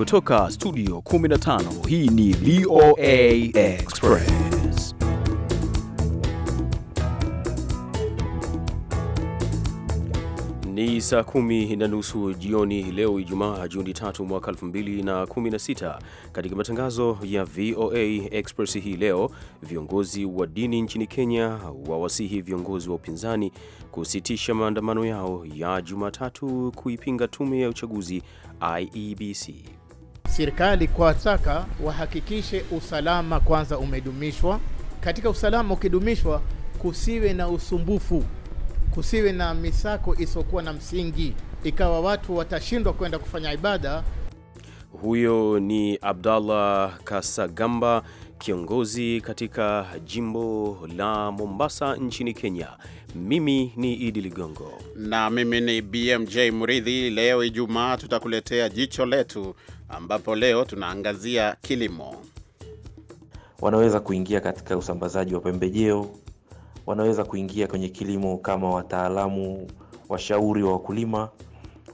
Kutoka studio 15 hii ni VOA Express. Ni saa kumi na nusu jioni leo Ijumaa, Juni tatu mwaka 2016. Katika matangazo ya VOA Express hii leo, viongozi wa dini nchini Kenya wawasihi viongozi wa upinzani kusitisha maandamano yao ya Jumatatu kuipinga tume ya uchaguzi IEBC serikali kwataka wahakikishe usalama kwanza umedumishwa. Katika usalama ukidumishwa, kusiwe na usumbufu, kusiwe na misako isiyokuwa na msingi, ikawa watu watashindwa kwenda kufanya ibada. Huyo ni Abdallah Kasagamba kiongozi katika jimbo la Mombasa nchini Kenya. Mimi ni Idi Ligongo na mimi ni BMJ Muridhi. Leo Ijumaa, tutakuletea jicho letu, ambapo leo tunaangazia kilimo. Wanaweza kuingia katika usambazaji wa pembejeo, wanaweza kuingia kwenye kilimo kama wataalamu washauri wa wakulima,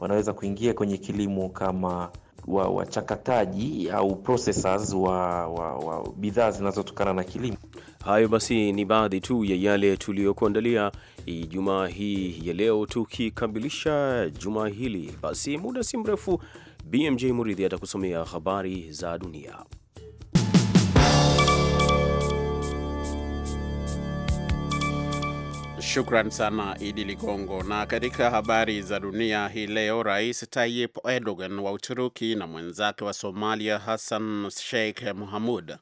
wanaweza kuingia kwenye kilimo kama wa wachakataji au processors wa, wa, wa bidhaa zinazotokana na kilimo. Hayo basi ni baadhi tu ya yale tuliyokuandalia Ijumaa hii ya leo, tukikamilisha jumaa hili basi, muda si mrefu BMJ Muridhi atakusomea habari za dunia. Shukran sana Idi Ligongo. Na katika habari za dunia hii leo, Rais Tayyip Erdogan wa Uturuki na mwenzake wa Somalia Hassan Sheikh muhamud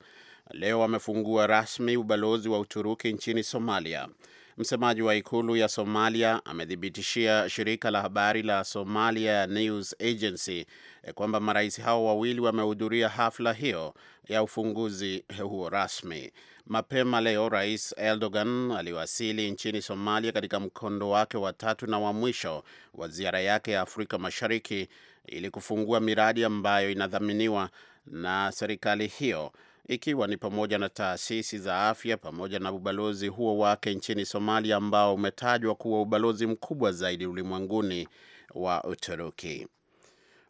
leo wamefungua rasmi ubalozi wa Uturuki nchini Somalia. Msemaji wa ikulu ya Somalia amethibitishia shirika la habari la Somalia News Agency eh, kwamba marais hao wawili wamehudhuria hafla hiyo ya ufunguzi huo rasmi. Mapema leo, Rais Erdogan aliwasili nchini Somalia katika mkondo wake wa tatu na wa mwisho wa ziara yake ya Afrika Mashariki ili kufungua miradi ambayo inadhaminiwa na serikali hiyo ikiwa ni pamoja na taasisi za afya pamoja na ubalozi huo wake nchini Somalia ambao umetajwa kuwa ubalozi mkubwa zaidi ulimwenguni wa Uturuki.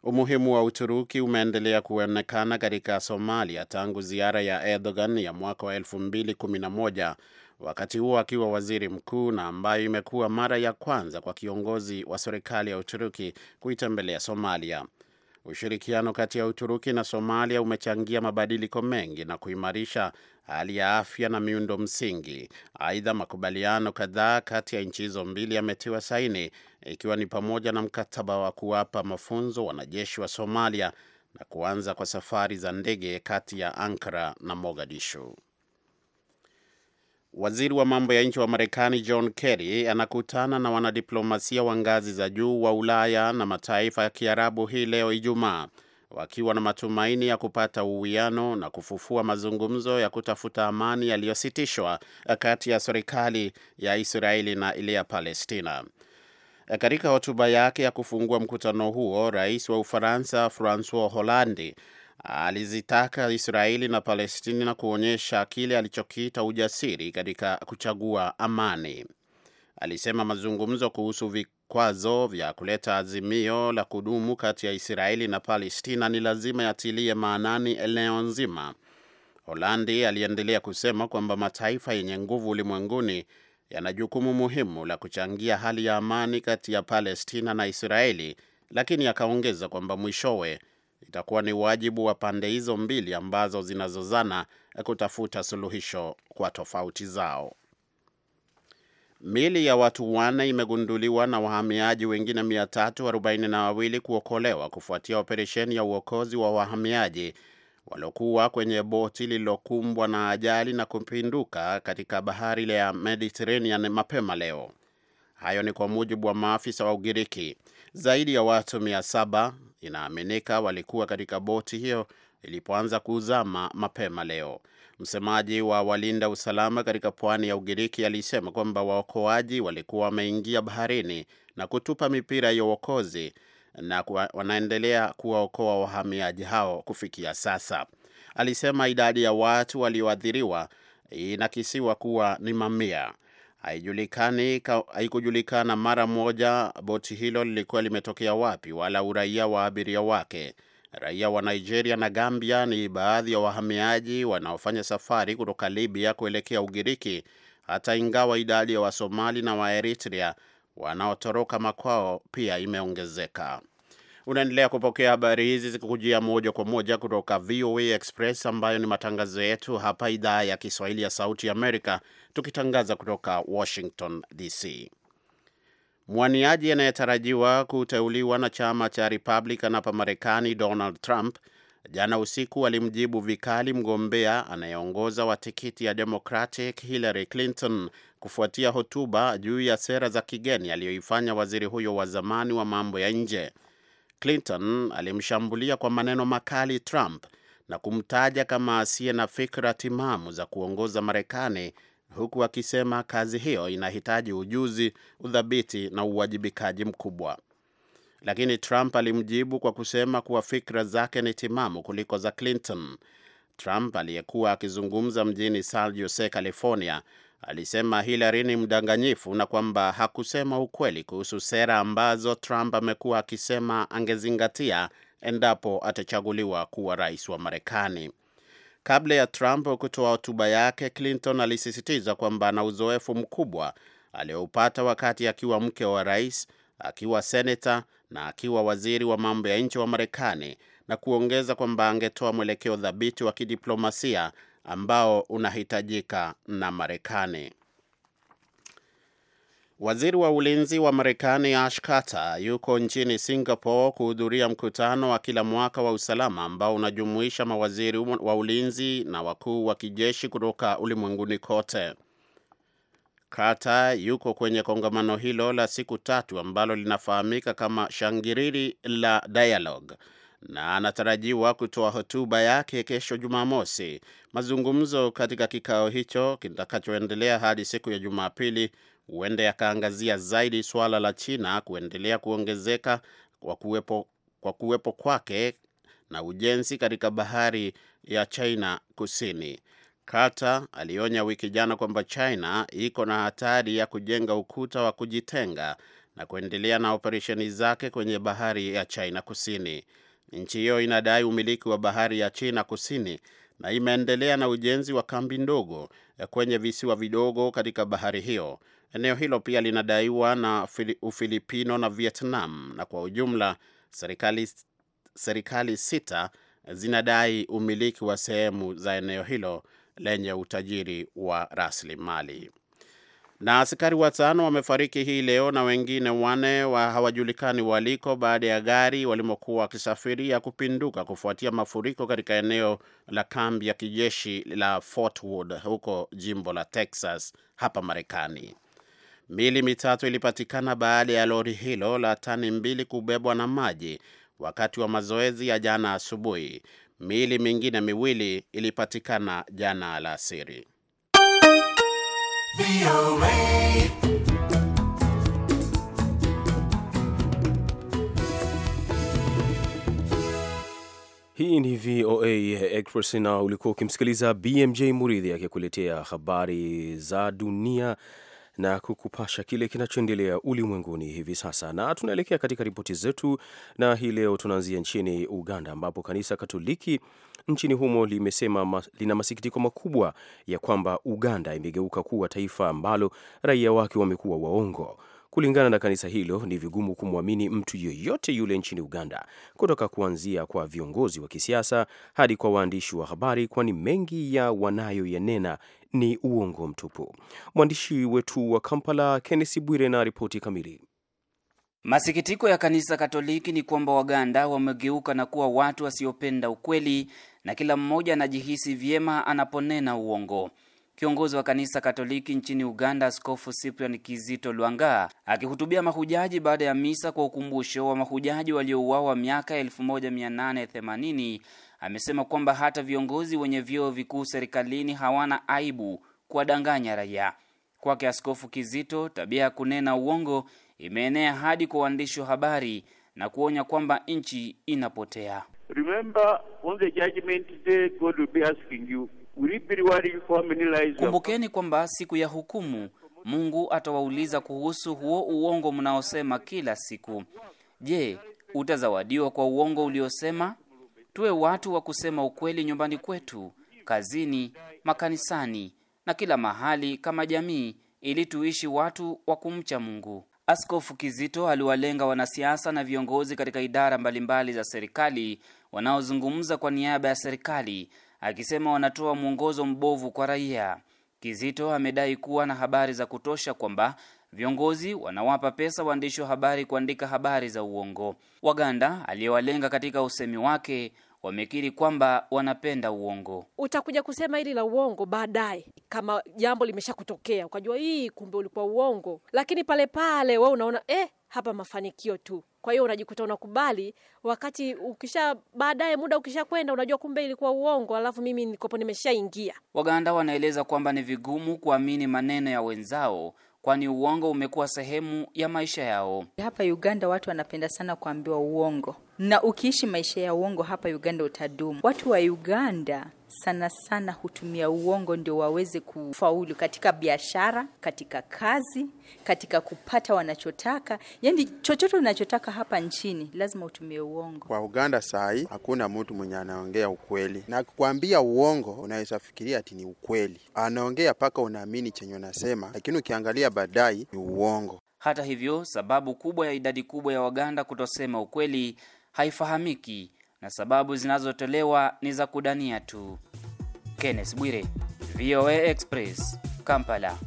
Umuhimu wa Uturuki umeendelea kuonekana katika Somalia tangu ziara ya Erdogan ya mwaka wa 2011 wakati huo akiwa waziri mkuu, na ambayo imekuwa mara ya kwanza kwa kiongozi wa serikali ya Uturuki kuitembelea Somalia. Ushirikiano kati ya Uturuki na Somalia umechangia mabadiliko mengi na kuimarisha hali ya afya na miundo msingi. Aidha, makubaliano kadhaa kati ya nchi hizo mbili yametiwa saini, ikiwa ni pamoja na mkataba wa kuwapa mafunzo wanajeshi wa Somalia na kuanza kwa safari za ndege kati ya Ankara na Mogadishu. Waziri wa mambo ya nje wa Marekani John Kerry anakutana na wanadiplomasia wa ngazi za juu wa Ulaya na mataifa ya Kiarabu hii leo Ijumaa, wakiwa na matumaini ya kupata uwiano na kufufua mazungumzo ya kutafuta amani yaliyositishwa kati ya serikali ya Israeli na ile ya Palestina. Katika hotuba yake ya kufungua mkutano huo, rais wa Ufaransa Francois Hollande alizitaka Israeli na Palestina kuonyesha kile alichokiita ujasiri katika kuchagua amani. Alisema mazungumzo kuhusu vikwazo vya kuleta azimio la kudumu kati ya Israeli na Palestina ni lazima yatilie maanani eneo nzima. Holandi aliendelea kusema kwamba mataifa yenye nguvu ulimwenguni yana jukumu muhimu la kuchangia hali ya amani kati ya Palestina na Israeli, lakini akaongeza kwamba mwishowe itakuwa ni wajibu wa pande hizo mbili ambazo zinazozana kutafuta suluhisho kwa tofauti zao. Mili ya watu wanne imegunduliwa na wahamiaji wengine 342 kuokolewa kufuatia operesheni ya uokozi wa wahamiaji waliokuwa kwenye boti lililokumbwa na ajali na kupinduka katika bahari ya Mediterranean mapema leo. Hayo ni kwa mujibu wa maafisa wa Ugiriki. Zaidi ya watu 700 inaaminika walikuwa katika boti hiyo ilipoanza kuzama mapema leo. Msemaji wa walinda usalama katika pwani ya Ugiriki alisema kwamba waokoaji walikuwa wameingia baharini na kutupa mipira ya uokozi na kwa, wanaendelea kuwaokoa wahamiaji hao kufikia sasa. Alisema idadi ya watu walioathiriwa inakisiwa kuwa ni mamia. Haijulikani, haikujulikana mara moja boti hilo lilikuwa limetokea wapi wala uraia wa abiria wake. Raia wa Nigeria na Gambia ni baadhi ya wahamiaji wanaofanya safari kutoka Libya kuelekea Ugiriki, hata ingawa idadi ya Wasomali na Waeritrea wanaotoroka makwao pia imeongezeka. Unaendelea kupokea habari hizi zikikujia moja kwa moja kutoka VOA Express, ambayo ni matangazo yetu hapa idhaa ya Kiswahili ya Sauti Amerika, tukitangaza kutoka Washington DC. Mwaniaji anayetarajiwa kuteuliwa na chama cha Republican hapa Marekani, Donald Trump jana usiku alimjibu vikali mgombea anayeongoza wa tikiti ya Democratic Hillary Clinton kufuatia hotuba juu ya sera za kigeni aliyoifanya waziri huyo wa zamani wa mambo ya nje. Clinton alimshambulia kwa maneno makali Trump na kumtaja kama asiye na fikra timamu za kuongoza Marekani, huku akisema kazi hiyo inahitaji ujuzi, udhabiti na uwajibikaji mkubwa. Lakini Trump alimjibu kwa kusema kuwa fikra zake ni timamu kuliko za Clinton. Trump aliyekuwa akizungumza mjini San Jose, California, alisema Hillary ni mdanganyifu na kwamba hakusema ukweli kuhusu sera ambazo Trump amekuwa akisema angezingatia endapo atachaguliwa kuwa rais wa Marekani. Kabla ya Trump kutoa hotuba yake, Clinton alisisitiza kwamba ana uzoefu mkubwa aliyoupata wakati akiwa mke wa rais, akiwa senata na akiwa waziri wa mambo ya nje wa Marekani, na kuongeza kwamba angetoa mwelekeo thabiti wa kidiplomasia ambao unahitajika na Marekani. Waziri wa ulinzi wa Marekani Ash Carter yuko nchini Singapore kuhudhuria mkutano wa kila mwaka wa usalama ambao unajumuisha mawaziri wa ulinzi na wakuu wa kijeshi kutoka ulimwenguni kote. Kata yuko kwenye kongamano hilo la siku tatu ambalo linafahamika kama Shangiriri la Dialogue na anatarajiwa kutoa hotuba yake kesho Jumamosi. Mazungumzo katika kikao hicho kitakachoendelea hadi siku ya Jumapili huende yakaangazia zaidi suala la China kuendelea kuongezeka kwa kuwepo, kwa kuwepo kwake na ujenzi katika bahari ya China Kusini. Carter alionya wiki jana kwamba China iko na hatari ya kujenga ukuta wa kujitenga na kuendelea na operesheni zake kwenye bahari ya China Kusini. Nchi hiyo inadai umiliki wa bahari ya China Kusini na imeendelea na ujenzi wa kambi ndogo eh, kwenye visiwa vidogo katika bahari hiyo. Eneo hilo pia linadaiwa na Ufilipino na Vietnam, na kwa ujumla serikali, serikali sita eh, zinadai umiliki wa sehemu za eneo hilo lenye utajiri wa rasilimali. Na askari watano wamefariki hii leo na wengine wane wa hawajulikani waliko baada ya gari walimokuwa wakisafiria kupinduka kufuatia mafuriko katika eneo la kambi ya kijeshi la Fort Wood huko jimbo la Texas hapa Marekani. Mili mitatu ilipatikana baada ya lori hilo la tani mbili kubebwa na maji wakati wa mazoezi ya jana asubuhi. Miili mingine miwili ilipatikana jana alasiri. Hii ni VOA Express na ulikuwa ukimsikiliza BMJ Muridhi akikuletea habari za dunia na kukupasha kile kinachoendelea ulimwenguni hivi sasa. Na tunaelekea katika ripoti zetu, na hii leo tunaanzia nchini Uganda ambapo kanisa Katoliki nchini humo limesema ma, lina masikitiko makubwa ya kwamba Uganda imegeuka kuwa taifa ambalo raia wake wamekuwa waongo. Kulingana na kanisa hilo, ni vigumu kumwamini mtu yeyote yule nchini Uganda, kutoka kuanzia kwa viongozi wa kisiasa hadi kwa waandishi wa habari, kwani mengi ya wanayoyanena ni uongo mtupu. Mwandishi wetu wa Kampala, Kennesi Bwire, na ripoti kamili. Masikitiko ya kanisa Katoliki ni kwamba Waganda wamegeuka na kuwa watu wasiopenda ukweli na kila mmoja anajihisi vyema anaponena uongo. Kiongozi wa kanisa Katoliki nchini Uganda, Askofu Cyprian Kizito Lwanga akihutubia mahujaji baada ya misa kwa ukumbusho wa mahujaji waliouawa miaka 1880 amesema kwamba hata viongozi wenye vyeo vikuu serikalini hawana aibu kuwadanganya raia. Kwake Askofu Kizito, tabia ya kunena uongo imeenea hadi kwa waandishi wa habari na kuonya kwamba nchi inapotea. Remember, on the judgment day, God will be asking you. Kumbukeni kwamba siku ya hukumu Mungu atawauliza kuhusu huo uongo mnaosema kila siku. Je, utazawadiwa kwa uongo uliosema? Tuwe watu wa kusema ukweli nyumbani kwetu, kazini, makanisani na kila mahali kama jamii, ili tuishi watu wa kumcha Mungu. Askofu Kizito aliwalenga wanasiasa na viongozi katika idara mbalimbali za serikali wanaozungumza kwa niaba ya serikali akisema wanatoa mwongozo mbovu kwa raia. Kizito amedai kuwa na habari za kutosha kwamba viongozi wanawapa pesa waandishi wa habari kuandika habari za uongo. Waganda aliyewalenga katika usemi wake wamekiri kwamba wanapenda uongo. Utakuja kusema hili la uongo baadaye, kama jambo limeshakutokea ukajua hii kumbe ulikuwa uongo, lakini pale pale wewe unaona eh, hapa mafanikio tu. Kwa hiyo unajikuta unakubali, wakati ukisha baadaye, muda ukishakwenda, unajua kumbe ilikuwa uongo, alafu mimi nikopo nimeshaingia. Waganda wanaeleza kwamba ni vigumu kuamini maneno ya wenzao kwani uongo umekuwa sehemu ya maisha yao. Hapa Uganda watu wanapenda sana kuambiwa uongo na ukiishi maisha ya uongo hapa Uganda utadumu. Watu wa Uganda sana sana hutumia uongo ndio waweze kufaulu katika biashara, katika kazi, katika kupata wanachotaka, yaani chochote unachotaka hapa nchini lazima utumie uongo. Kwa Uganda saa hii hakuna mtu mwenye anaongea ukweli, na kukwambia uongo unaweza fikiria ati ni ukweli, anaongea mpaka unaamini chenye unasema, lakini ukiangalia baadaye ni uongo. Hata hivyo, sababu kubwa ya idadi kubwa ya Waganda kutosema ukweli haifahamiki na sababu zinazotolewa ni za kudania tu. Kenneth Bwire, VOA Express, Kampala.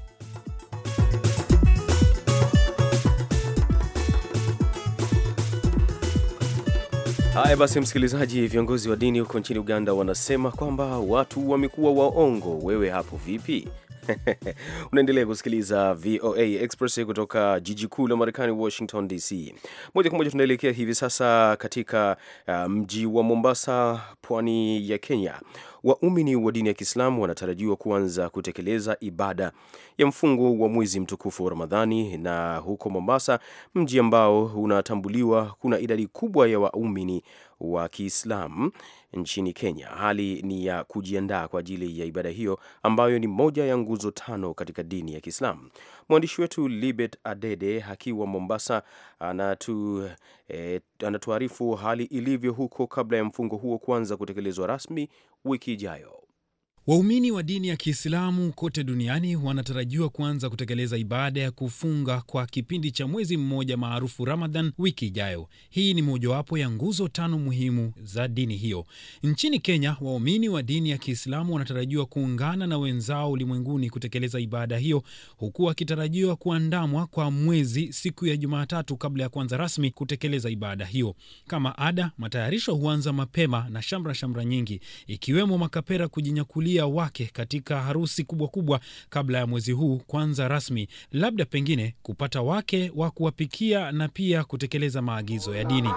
Haya basi, msikilizaji, viongozi wa dini huko nchini Uganda wanasema kwamba watu wamekuwa waongo. Wewe hapo vipi? Unaendelea kusikiliza VOA Express kutoka jiji kuu la Marekani, Washington DC. Moja kwa moja tunaelekea hivi sasa katika uh, mji wa Mombasa, pwani ya Kenya waumini wa dini ya Kiislamu wanatarajiwa kuanza kutekeleza ibada ya mfungo wa mwezi mtukufu wa Ramadhani, na huko Mombasa, mji ambao unatambuliwa kuna idadi kubwa ya waumini wa Kiislamu nchini Kenya. Hali ni ya kujiandaa kwa ajili ya ibada hiyo ambayo ni moja ya nguzo tano katika dini ya Kiislamu. Mwandishi wetu Libet Adede akiwa Mombasa anatu, e, anatuarifu hali ilivyo huko kabla ya mfungo huo kuanza kutekelezwa rasmi wiki ijayo. Waumini wa dini ya Kiislamu kote duniani wanatarajiwa kuanza kutekeleza ibada ya kufunga kwa kipindi cha mwezi mmoja maarufu Ramadhan wiki ijayo. Hii ni mojawapo ya nguzo tano muhimu za dini hiyo. Nchini Kenya, waumini wa dini ya Kiislamu wanatarajiwa kuungana na wenzao ulimwenguni kutekeleza ibada hiyo, huku wakitarajiwa kuandamwa kwa mwezi siku ya Jumatatu kabla ya kuanza rasmi kutekeleza ibada hiyo. Kama ada, matayarisho huanza mapema na shamra shamra nyingi, ikiwemo makapera kujinyakulia uhalisia wake katika harusi kubwa kubwa kabla ya mwezi huu kwanza rasmi, labda pengine kupata wake wa kuwapikia na pia kutekeleza maagizo ya dini.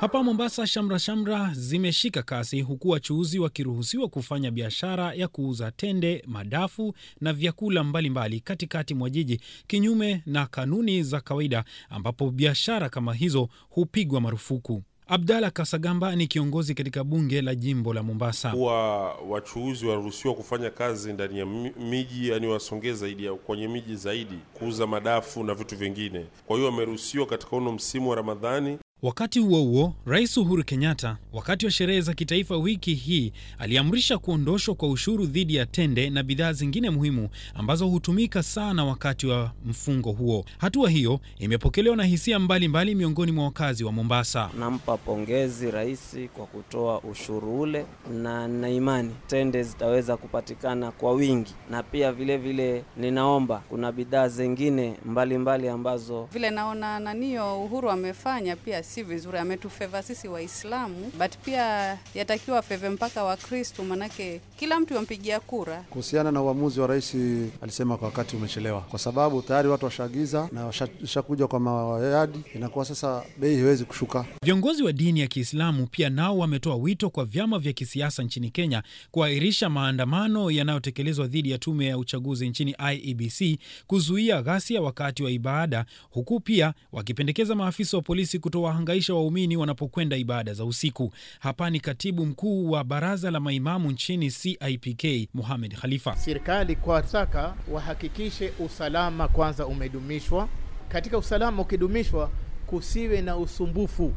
Hapa Mombasa, shamra shamra zimeshika kasi, huku wachuuzi wakiruhusiwa kufanya biashara ya kuuza tende, madafu na vyakula mbalimbali katikati mwa jiji, kinyume na kanuni za kawaida ambapo biashara kama hizo hupigwa marufuku. Abdalla Kasagamba ni kiongozi katika bunge la jimbo la Mombasa. Kuwa wachuuzi wanaruhusiwa kufanya kazi ndani ya miji, yani wasongee zaidi ya kwenye miji zaidi, kuuza madafu na vitu vingine. Kwa hiyo wameruhusiwa katika uno msimu wa Ramadhani Wakati huo huo, Rais Uhuru Kenyatta wakati wa sherehe za kitaifa wiki hii aliamrisha kuondoshwa kwa ushuru dhidi ya tende na bidhaa zingine muhimu ambazo hutumika sana wakati wa mfungo huo. Hatua hiyo imepokelewa na hisia mbalimbali mbali miongoni mwa wakazi wa Mombasa. Nampa pongezi rais kwa kutoa ushuru ule, na nina imani tende zitaweza kupatikana kwa wingi, na pia vilevile vile, ninaomba kuna bidhaa zingine mbalimbali mbali ambazo vile naona nanio Uhuru amefanya pia si vizuri, ametufeva sisi Waislamu, but pia yatakiwa feve mpaka Wakristu, manake kila mtu yampigia kura. Kuhusiana na uamuzi wa rais, alisema kwa wakati umechelewa, kwa sababu tayari watu washaagiza na washakuja kwa mawayadi, inakuwa sasa bei haiwezi kushuka. Viongozi wa dini ya Kiislamu pia nao wametoa wito kwa vyama vya kisiasa nchini Kenya kuahirisha maandamano yanayotekelezwa dhidi ya tume ya uchaguzi nchini IEBC kuzuia ghasia wakati wa ibada, huku pia wakipendekeza maafisa wa polisi kutoa kuwahangaisha waumini wanapokwenda ibada za usiku. Hapa ni katibu mkuu wa baraza la maimamu nchini CIPK, Muhamed Khalifa. Serikali kwa saka wahakikishe usalama kwanza umedumishwa. Katika usalama ukidumishwa, kusiwe na usumbufu,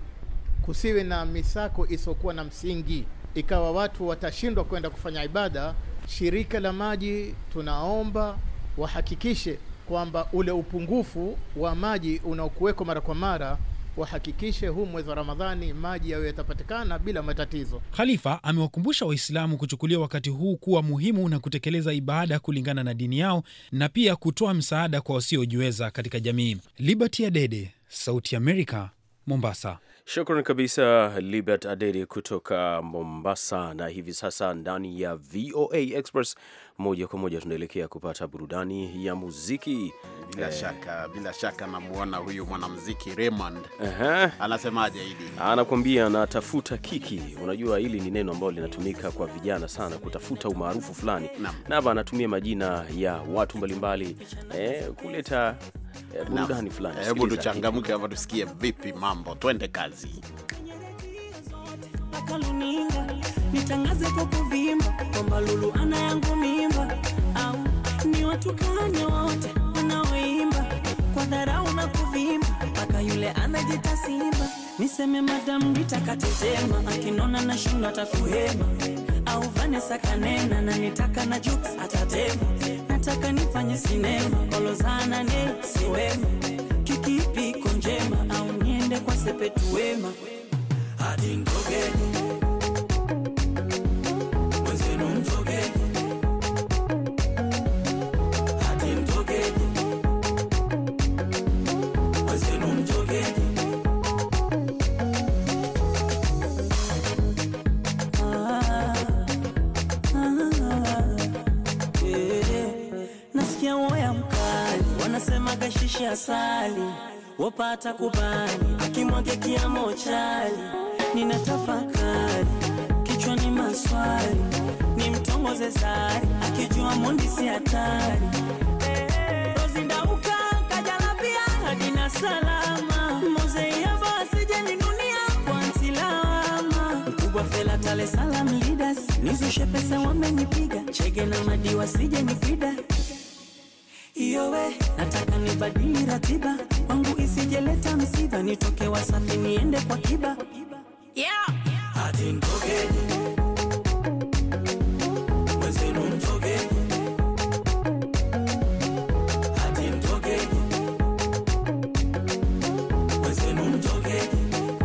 kusiwe na misako isiyokuwa na msingi, ikawa watu watashindwa kwenda kufanya ibada. Shirika la maji tunaomba wahakikishe kwamba ule upungufu wa maji unaokuwekwa mara kwa mara wahakikishe huu mwezi wa Ramadhani maji yawe yatapatikana bila matatizo. Khalifa amewakumbusha Waislamu kuchukulia wakati huu kuwa muhimu na kutekeleza ibada kulingana na dini yao na pia kutoa msaada kwa wasiojiweza katika jamii. Liberty Adede, Sauti ya Amerika, Mombasa. Shukran kabisa Libert Adede kutoka Mombasa. Na hivi sasa ndani ya VOA Express moja kwa moja tunaelekea kupata burudani ya muziki bila eh, shaka bila shaka. Namuona huyu mwanamuziki Raymond, uh -huh. Anasemaje hili? Anakuambia anatafuta kiki. Unajua hili ni neno ambalo linatumika kwa vijana sana, kutafuta umaarufu fulani, na hapa anatumia majina ya watu mbalimbali eh, kuleta Eh, burudani fulani. Hebu tuchangamke hapa, tusikie vipi mambo, twende kazi. Nitangaze kwa kuvimba kwamba Lulu ana yangu mimba, au ni watukane wote wanaoimba kwa dharau na kuvimba mpaka yule anajita simba. Niseme madamu nitakatetema, akinona na shundo atakuhema, au Vanessa kanena na nitaka na jokes atatema Nataka nifanye sinema Olozana ne siwema Kiki njema Au niende kwa sepetu wema Hadi ngogeni kisha sali wapata kubali akimwage kiamo chali nina tafakari kichwa ni maswali ni mtongoze sari akijua mundi si hatari rozindauka kajalabia hadina salama mkubwa fela tale salam lidas nizushepesa wamenipiga chege na madiwa sijenipida ndio nataka nibadili ratiba kwangu isijeleta msiba, nitoke Wasafi niende kwa Kiba yeah. Hadi mtogeni mwenzenu, mtogeni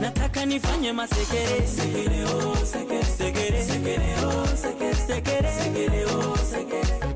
nataka nifanye masekere sekere, oh, sekere, sekere, sekere, oh, sekere, sekere, sekere, oh, sekere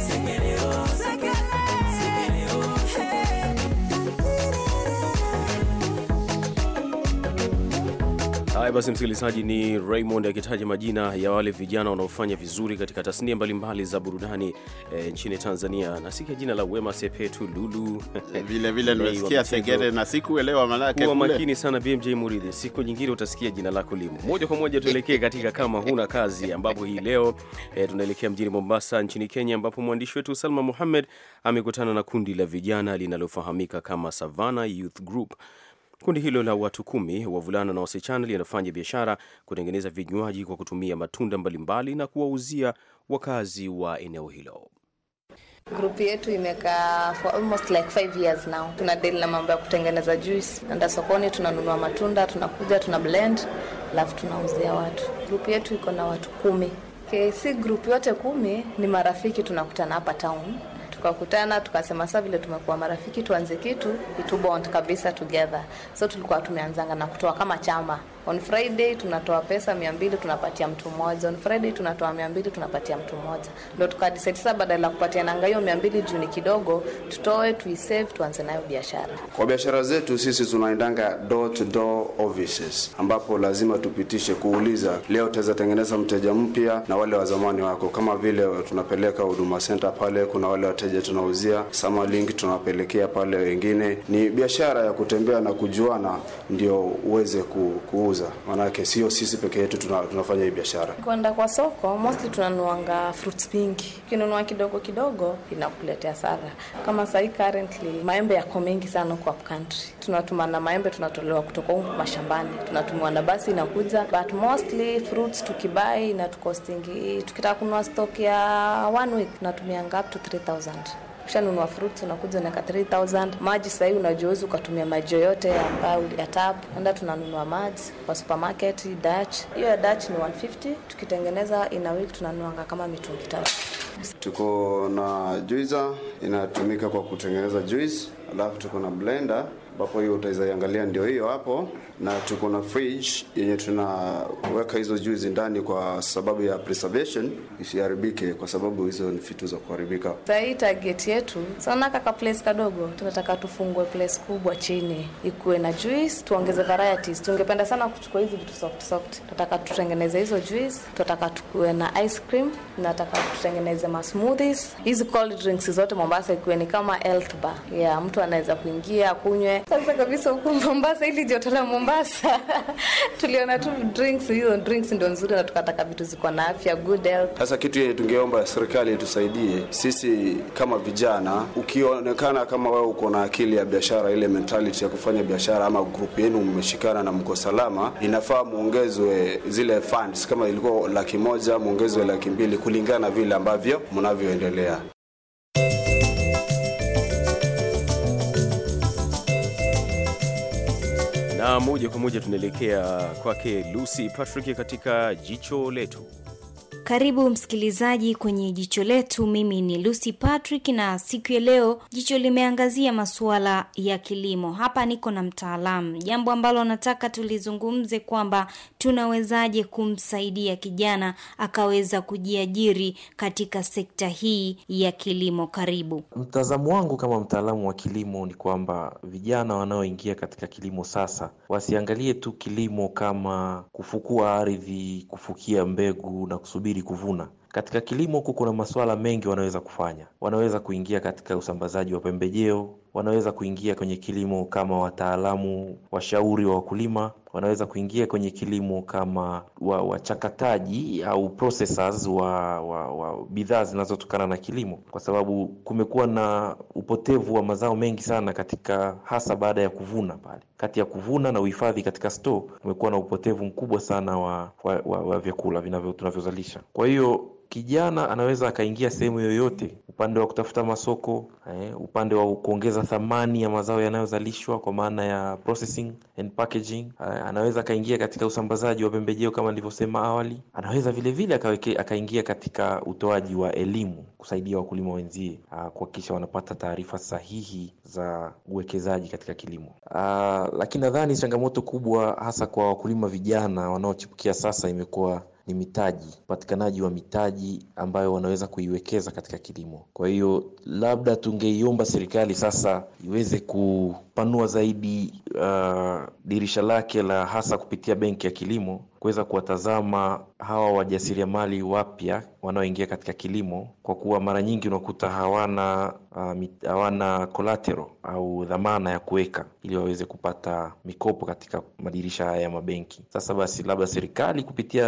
Haya basi, msikilizaji, ni Raymond akitaja majina ya wale vijana wanaofanya vizuri katika tasnia mbalimbali za burudani e, nchini Tanzania. Nasikia jina la Wema Sepetu, Lulu eh, vile vile nimesikia Segere na sikuelewa maana kwa makini sana, BMJ Muridhi, siku nyingine utasikia jina lako limo. Moja kwa moja tuelekee katika kama huna kazi, ambapo hii leo e, tunaelekea mjini Mombasa nchini Kenya, ambapo mwandishi wetu Salma muhammed amekutana na kundi la vijana linalofahamika kama Savana Youth Group Kundi hilo la watu kumi, wavulana na wasichana, linafanya biashara kutengeneza vinywaji kwa kutumia matunda mbalimbali na kuwauzia wakazi wa eneo hilo. Grupu yetu imekaa for almost like five years now. Tuna deal na mambo ya kutengeneza juice, naenda sokoni, tunanunua matunda, tunakuja, tuna blend, alafu tunauzia watu. Grupu yetu iko na watu kumi. Okay, si grupu yote kumi ni marafiki tunakutana hapa town tukakutana tukasema saa vile tumekuwa marafiki tuanze kitu itubond kabisa together, so tulikuwa tumeanzanga na kutoa kama chama On Friday tunatoa pesa mia mbili tunapatia mtu mmoja. On Friday tunatoa mia mbili tunapatia mtu mmoja. Ndio tukadecide sasa badala ya kupatia nanga hiyo mia mbili juu ni kidogo, tutoe tuisave, tuanze nayo biashara. Kwa biashara zetu sisi tunaendanga door to door offices, ambapo lazima tupitishe kuuliza, leo utaweza tengeneza mteja mpya na wale wa zamani wako, kama vile tunapeleka Huduma Center pale, kuna wale wateja tunauzia sama link, tunawapelekea pale wengine. Ni biashara ya kutembea na kujuana, ndio uweze ku, ku kuuza, maanake sio sisi peke yetu tuna, tunafanya hii biashara. Kwenda kwa soko mostly tunanuanga fruits mingi, ukinunua kidogo kidogo inakuletea sara Kama sahii currently maembe yako mengi sana kwa country, tunatuma tunatumana maembe tunatolewa kutoka huko mashambani, tunatumiwa na basi inakuja, but mostly fruits tukibai tukostingi tukitaka kunua stock ya one week natumianga ngapi to 3000 ukishanunua fruits unakuja ka 3000 maji. Sasa hivi ukatumia maji yoyote ambayo ya tap, enda tunanunua maji kwa supermarket Dutch. Hiyo ya Dutch ni 150, tukitengeneza ina wiki tunanuanga kama mitungi tatu. Tuko na juicer inatumika kwa kutengeneza juice, alafu tuko na blender ambapo hiyo utaiangalia ndio hiyo hapo, na tuko na fridge yenye tunaweka hizo juice ndani kwa sababu ya preservation isiharibike, kwa sababu hizo ni vitu za kuharibika. Sasa hii target yetu sana kaka place kadogo, tunataka tufungue place kubwa chini ikuwe na juice, tuongeze varieties. Tungependa sana kuchukua hizi vitu soft soft, tunataka tutengeneze hizo juice, tunataka tukuwe na ice cream, nataka tutengeneze ma smoothies, Hizi cold drinks zote Mombasa ikuwe ni kama health bar ya yeah, mtu anaweza kuingia kunywe sasa kabisa huko Mombasa, ili joto la Mombasa tuliona tu drinks hizo, drinks ndio nzuri na tukataka vitu ziko na afya, good health. Sasa kitu yenye tungeomba serikali itusaidie sisi kama vijana, ukionekana kama wewe uko na akili ya biashara, ile mentality ya kufanya biashara, ama group yenu mmeshikana na mko salama, inafaa muongezwe zile funds, kama ilikuwa laki moja muongezwe laki mbili kulingana vile ambavyo mnavyoendelea. na moja kwa moja tunaelekea kwake Lucy Patrick katika jicho letu. Karibu msikilizaji kwenye jicho letu. Mimi ni Lucy Patrick na siku ya leo jicho limeangazia masuala ya kilimo. Hapa niko na mtaalamu, jambo ambalo nataka tulizungumze kwamba tunawezaje kumsaidia kijana akaweza kujiajiri katika sekta hii ya kilimo. Karibu. Mtazamo wangu kama mtaalamu wa kilimo ni kwamba vijana wanaoingia katika kilimo sasa wasiangalie tu kilimo kama kufukua ardhi, kufukia mbegu na kusubiri zaidi kuvuna. Katika kilimo huku kuna masuala mengi wanaweza kufanya, wanaweza kuingia katika usambazaji wa pembejeo wanaweza kuingia kwenye kilimo kama wataalamu washauri wa wakulima, wanaweza kuingia kwenye kilimo kama wachakataji wa au processors wa, wa, wa bidhaa zinazotokana na kilimo, kwa sababu kumekuwa na upotevu wa mazao mengi sana katika hasa baada ya kuvuna pale, kati ya kuvuna na uhifadhi katika store, kumekuwa na upotevu mkubwa sana wa, wa, wa, wa vyakula tunavyozalisha. Kwa hiyo Kijana anaweza akaingia sehemu yoyote, upande wa kutafuta masoko eh, upande wa kuongeza thamani ya mazao yanayozalishwa kwa maana ya processing and packaging eh, anaweza akaingia katika usambazaji wa pembejeo kama nilivyosema awali. Anaweza vile vile akaingia katika utoaji wa elimu kusaidia wakulima wenzie ah, kuhakikisha wanapata taarifa sahihi za uwekezaji katika kilimo ah, lakini nadhani changamoto kubwa hasa kwa wakulima vijana wanaochipukia sasa imekuwa ni mitaji, upatikanaji wa mitaji ambayo wanaweza kuiwekeza katika kilimo. Kwa hiyo labda tungeiomba serikali sasa iweze ku kupanua zaidi uh, dirisha lake la hasa kupitia benki ya kilimo kuweza kuwatazama hawa wajasiriamali wapya wanaoingia katika kilimo, kwa kuwa mara nyingi unakuta hawana uh, hawana kolatero au dhamana ya kuweka ili waweze kupata mikopo katika madirisha haya ya mabenki. Sasa basi, labda serikali kupitia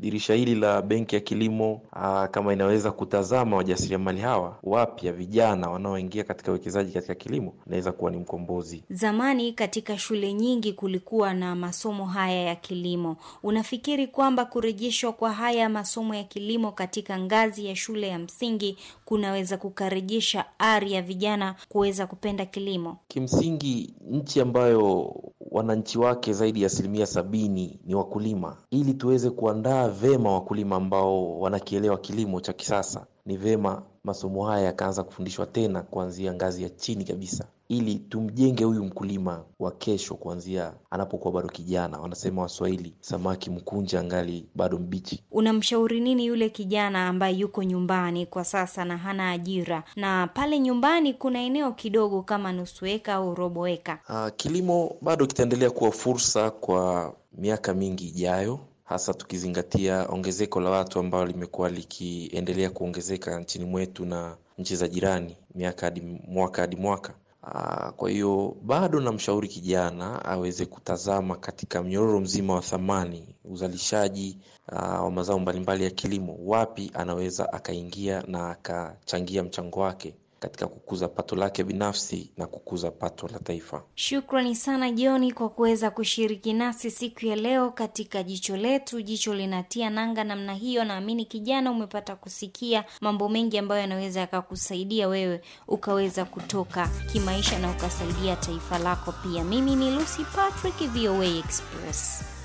dirisha hili la benki ya kilimo uh, kama inaweza kutazama wajasiriamali hawa wapya vijana wanaoingia katika uwekezaji katika kilimo, inaweza kuwa ni mko ukombozi. Zamani katika shule nyingi kulikuwa na masomo haya ya kilimo. Unafikiri kwamba kurejeshwa kwa haya masomo ya kilimo katika ngazi ya shule ya msingi kunaweza kukarejesha ari ya vijana kuweza kupenda kilimo? Kimsingi, nchi ambayo wananchi wake zaidi ya asilimia sabini ni wakulima, ili tuweze kuandaa vema wakulima ambao wanakielewa kilimo cha kisasa ni vema masomo haya yakaanza kufundishwa tena kuanzia ngazi ya chini kabisa, ili tumjenge huyu mkulima wa kesho kuanzia anapokuwa bado kijana. Wanasema Waswahili, samaki mkunja ngali bado mbichi. Unamshauri nini yule kijana ambaye yuko nyumbani kwa sasa na hana ajira, na pale nyumbani kuna eneo kidogo kama nusu au robo ah, Kilimo bado kitaendelea kuwa fursa kwa miaka mingi ijayo hasa tukizingatia ongezeko la watu ambao limekuwa likiendelea kuongezeka nchini mwetu na nchi za jirani miaka hadi mwaka hadi mwaka. Ah, kwa hiyo bado namshauri kijana aweze kutazama katika mnyororo mzima wa thamani uzalishaji aa, ah, wa mazao mbalimbali ya kilimo, wapi anaweza akaingia na akachangia mchango wake katika kukuza pato lake binafsi na kukuza pato la taifa. Shukrani sana Joni kwa kuweza kushiriki nasi siku ya leo katika jicho letu. Jicho linatia nanga namna hiyo. Naamini kijana, umepata kusikia mambo mengi ambayo yanaweza yakakusaidia wewe ukaweza kutoka kimaisha na ukasaidia taifa lako pia. Mimi ni Lucy Patrick, VOA Express.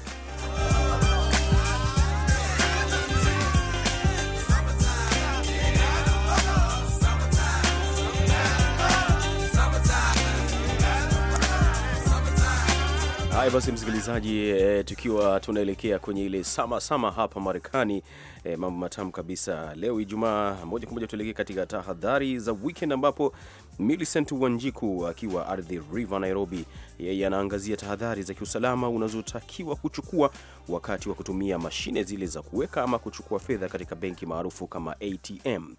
Haya basi, msikilizaji e, tukiwa tunaelekea kwenye ile sama sama hapa Marekani e, mambo matamu kabisa leo Ijumaa. Moja kwa moja tuelekee katika tahadhari za weekend, ambapo Millicent Wanjiku akiwa Ardhi River Nairobi, yeye anaangazia tahadhari za kiusalama unazotakiwa kuchukua wakati wa kutumia mashine zile za kuweka ama kuchukua fedha katika benki maarufu kama ATM.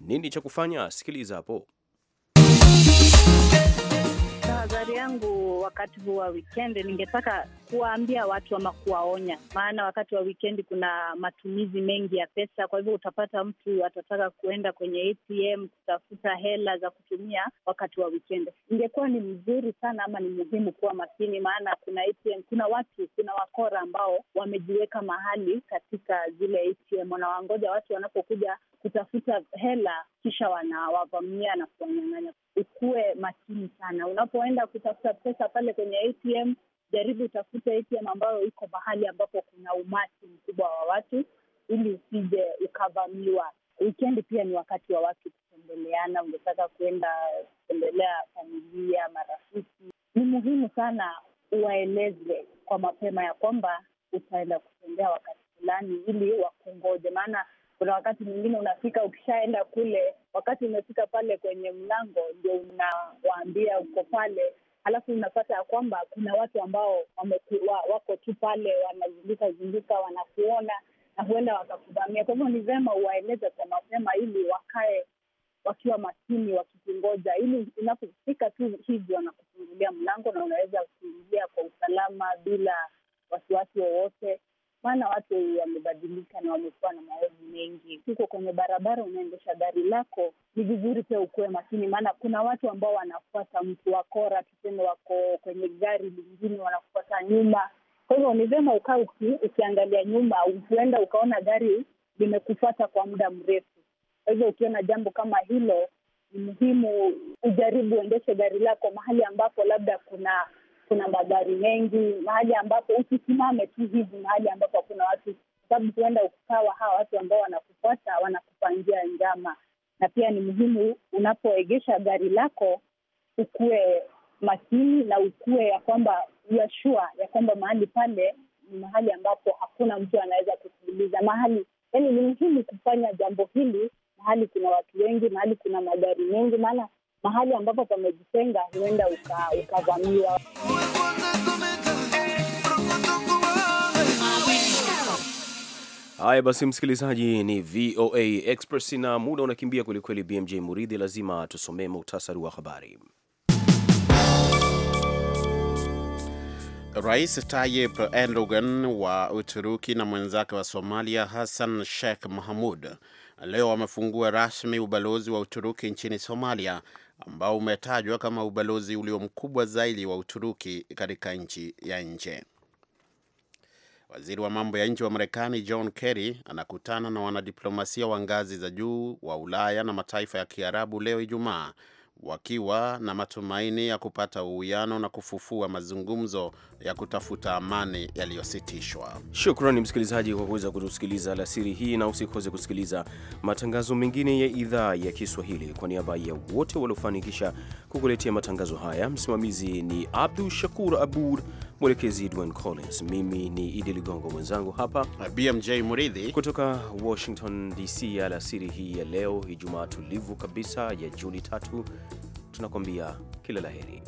Nini cha kufanya? Sikiliza hapo. Nadharia yangu wakati huu wa wikendi, ningetaka kuwaambia watu ama kuwaonya, maana wakati wa wikendi kuna matumizi mengi ya pesa. Kwa hivyo utapata mtu atataka kuenda kwenye ATM kutafuta hela za kutumia wakati wa wikendi. Ingekuwa ni mzuri sana ama ni muhimu kuwa makini, maana kuna ATM, kuna watu, kuna wakora ambao wamejiweka mahali katika zile ATM, wanawangoja watu wanapokuja kutafuta hela, kisha wanawavamia na kuwanyang'anya. Ukuwe makini sana unapoenda kutafuta pesa pale kwenye ATM jaribu utafute ATM ambayo iko mahali ambapo kuna umati mkubwa wa watu, ili usije ukavamiwa. Wikendi pia ni wakati wa watu kutembeleana, ungetaka kuenda kutembelea familia, marafiki. Ni muhimu sana uwaeleze kwa mapema ya kwamba utaenda kutembea wakati fulani, ili wakungoje, maana kuna wakati mwingine unafika, ukishaenda kule, wakati umefika pale kwenye mlango, ndio unawaambia uko pale alafu unapata ya kwamba kuna watu ambao wamekuwa wako tu pale wanazunguka zunguka, wanakuona na huenda wakakuvamia. Kwa hivyo ni vema uwaeleze kwa mapema, ili wakae wakiwa makini, wakikungoja, ili inapofika tu hivyo wanakufungulia mlango na unaweza kuingia kwa usalama bila wasiwasi wowote maana watu wamebadilika na wamekuwa na maovu mengi. Uko kwenye barabara, unaendesha gari lako, ni vizuri pia ukuwe makini, maana kuna watu ambao wanafuata mtu wakora, tuseme wako kwenye gari lingine, wanakufuata nyuma. Kwa hivyo ni vyema ukaa uki, ukiangalia nyuma, huenda ukaona gari limekufuata kwa muda mrefu. Kwa hivyo ukiona jambo kama hilo, ni muhimu ujaribu uendeshe gari lako mahali ambapo labda kuna kuna magari mengi, mahali ambapo usisimame tu hivi, mahali ambapo hakuna watu, sababu huenda ukawa hawa watu ambao wanakufuata wanakupangia njama. Na pia ni muhimu unapoegesha gari lako ukuwe makini na ukuwe ya kwamba yashua ya kwamba mahali pale ni mahali ambapo hakuna mtu anaweza kukuuliza mahali. Yani ni muhimu kufanya jambo hili mahali kuna watu wengi, mahali kuna magari mengi, maana mahali ambapo pamejitenga huenda ukavamiwa Haya basi, msikilizaji, ni VOA Express na muda unakimbia kwelikweli. BMJ Muridhi, lazima tusomee muktasari wa habari. Rais Tayyip Erdogan wa Uturuki na mwenzake wa Somalia Hassan Sheikh mahamud leo wamefungua rasmi ubalozi wa Uturuki nchini Somalia ambao umetajwa kama ubalozi ulio mkubwa zaidi wa Uturuki katika nchi ya nje. Waziri wa mambo ya nje wa Marekani John Kerry anakutana na wanadiplomasia wa ngazi za juu wa Ulaya na mataifa ya Kiarabu leo Ijumaa wakiwa na matumaini ya kupata uwiano na kufufua mazungumzo ya kutafuta amani yaliyositishwa. Shukrani msikilizaji kwa kuweza kutusikiliza alasiri hii, na usikose kusikiliza matangazo mengine ya idhaa ya Kiswahili. Kwa niaba ya wote waliofanikisha kukuletea matangazo haya, msimamizi ni Abdu Shakur Abud mwelekezi Edwin Collins. Mimi ni Idi Ligongo, mwenzangu hapa BMJ Muridhi kutoka Washington DC. Alasiri hii ya leo, Ijumaa tulivu kabisa ya Juni tatu, tunakuambia kila la heri.